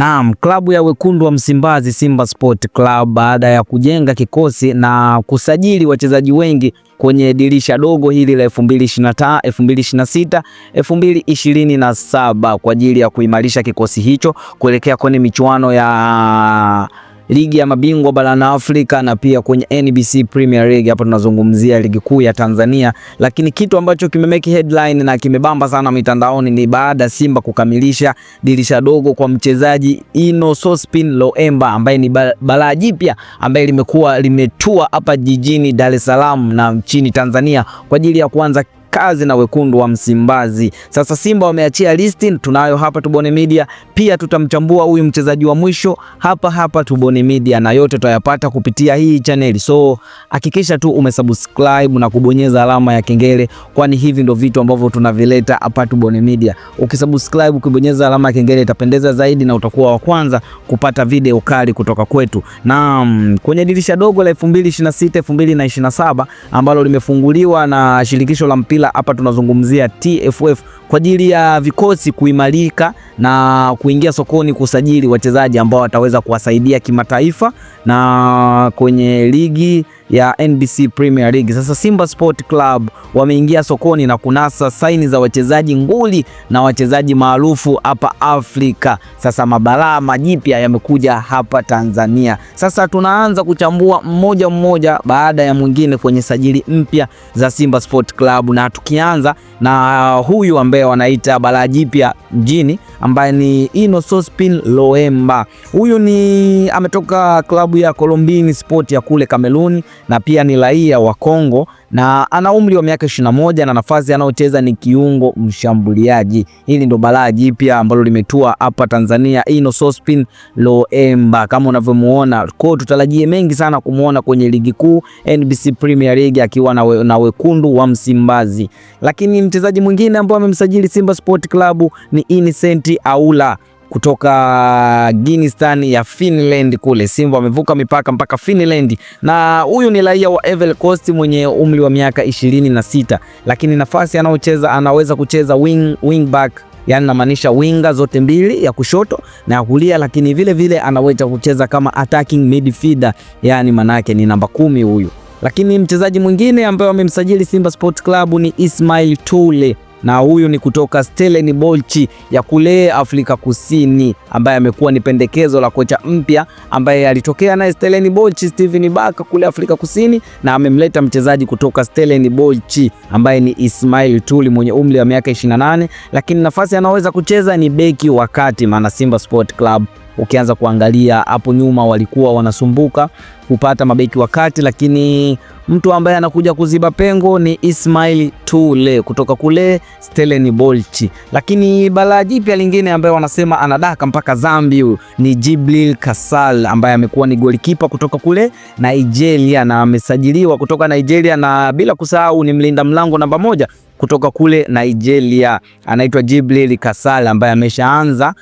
Naam, klabu ya wekundu wa Msimbazi Simba Sport Club baada ya kujenga kikosi na kusajili wachezaji wengi kwenye dirisha dogo hili la 2025, 2026, 2027 kwa ajili ya kuimarisha kikosi hicho kuelekea kwenye michuano ya ligi ya mabingwa barani Afrika na pia kwenye NBC Premier League. Hapa tunazungumzia ligi kuu ya Tanzania, lakini kitu ambacho kimemeki headline na kimebamba sana mitandaoni ni baada ya Simba kukamilisha dirisha dogo kwa mchezaji Ino Sospin Loemba ambaye ni balaa jipya ambaye limekuwa limetua hapa jijini Dar es Salaam na nchini Tanzania kwa ajili ya kuanza kazi na wekundu wa Msimbazi. Sasa Simba wameachia listi, tunayo hapa Tubone Media. Pia tutamchambua huyu mchezaji wa mwisho hapa hapa Tubone Media, na yote tutayapata kupitia hii channel. So hakikisha tu umesubscribe na kubonyeza alama ya kengele, kwani hivi ndo vitu ambavyo tunavileta hapa Tubone Media. Ukisubscribe, ukibonyeza alama ya kengele itapendeza zaidi na utakuwa wa kwanza kupata video kali kutoka kwetu. Na kwenye dirisha dogo la 2026 2027 ambalo limefunguliwa na shirikisho la mpira ila hapa tunazungumzia TFF kwa ajili ya vikosi kuimarika na kuingia sokoni kusajili wachezaji ambao wataweza kuwasaidia kimataifa na kwenye ligi ya NBC Premier League. Sasa Simba Sport Club wameingia sokoni na kunasa saini za wachezaji nguli na wachezaji maarufu hapa Afrika. Sasa mabalaa majipya yamekuja hapa Tanzania. Sasa tunaanza kuchambua mmoja mmoja baada ya mwingine kwenye sajili mpya za Simba Sport Club, na tukianza na huyu ambaye wanaita balaa jipya mjini ambaye ni ino sospin Loemba. Huyu ni ametoka klabu ya Colombini Sport ya kule Kameruni na pia ni raia wa Kongo na ana umri wa miaka 21 na nafasi anayocheza ni kiungo mshambuliaji. Hili ndo balaa jipya ambalo limetua hapa Tanzania, Ino Sospin Loemba kama unavyomuona. Kwa tutarajie mengi sana kumuona kwenye ligi kuu NBC Premier League akiwa na, we, na wekundu wa Msimbazi. Lakini mchezaji mwingine ambaye amemsajili Simba Sport Club ni Innocent Aula kutoka Ginistan ya Finland kule. Simba wamevuka mipaka mpaka Finland, na huyu ni raia wa Ivory Coast mwenye umri wa miaka 26, lakini nafasi anaocheza anaweza kucheza wing, wing back yani namaanisha winga zote mbili ya kushoto na ya kulia, lakini vile vile anaweza kucheza kama attacking midfielder, yani manake ni namba kumi huyu. Lakini mchezaji mwingine ambaye amemsajili Simba Sport Club ni Ismail Tule na huyu ni kutoka Stellenbosch ya kule Afrika Kusini, ambaye amekuwa ni pendekezo la kocha mpya ambaye alitokea naye Stellenbosch, Steven Baka kule Afrika Kusini, na amemleta mchezaji kutoka Stellenbosch ambaye ni Ismail Tuli mwenye umri wa miaka 28, lakini nafasi anaweza kucheza ni beki wa kati, maana Simba Sport Club ukianza kuangalia hapo nyuma walikuwa wanasumbuka kupata mabeki wa kati, lakini Mtu ambaye anakuja kuziba pengo ni Ismail Tule kutoka kule Stellenbosch. Lakini balaa jipya lingine ambaye wanasema anadaka mpaka Zambi ni Jibril Kasal ambaye amekuwa ni golikipa kutoka kule Nigeria na amesajiliwa kutoka Nigeria, na bila kusahau ni mlinda mlango namba moja kutoka kule Nigeria anaitwa Jibril kasal ambaye ameshaanza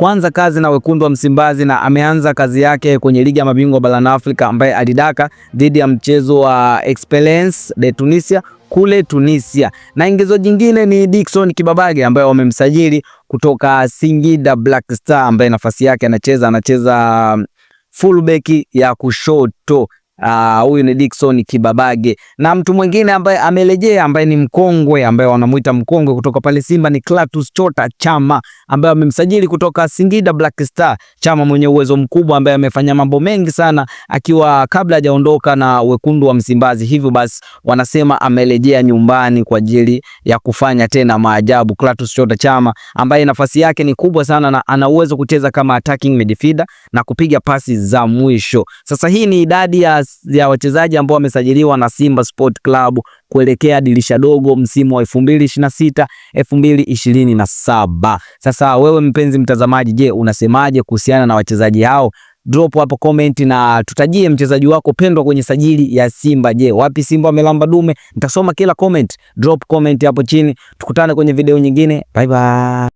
kwanza kazi na wekundu wa Msimbazi na ameanza kazi yake kwenye ligi ya mabingwa barani Afrika ambaye alidaka dhidi ya mchezo wa Experience de Tunisia kule Tunisia. Na ingizo jingine ni Dickson Kibabage ambaye wamemsajili kutoka Singida Black Star ambaye nafasi yake anacheza anacheza um, fullback ya kushoto. Ah, huyu ni Dickson Kibabage na mtu mwingine ambaye amerejea ambaye ni mkongwe ambaye wanamuita mkongwe kutoka pale Simba ni Clatous Chota Chama ambaye amemsajili kutoka Singida Black Star. Chama mwenye uwezo mkubwa ambaye amefanya mambo mengi sana akiwa kabla hajaondoka na wekundu wa Msimbazi, hivyo basi wanasema amerejea nyumbani kwa ajili ya kufanya tena maajabu. Clatous Chota Chama ambaye nafasi yake ni kubwa sana na ana uwezo kucheza kama attacking midfielder na kupiga pasi za mwisho. Sasa hii ni idadi ya ya wachezaji ambao wamesajiliwa na Simba Sport Club kuelekea dirisha dogo msimu wa 2026 2027. Sasa wewe mpenzi mtazamaji, je, unasemaje kuhusiana na wachezaji hao? Drop hapo comment na tutajie mchezaji wako pendwa kwenye sajili ya Simba. Je, wapi Simba wamelamba dume? Nitasoma kila comment. Drop comment hapo chini. Tukutane kwenye video nyingine. Bye bye.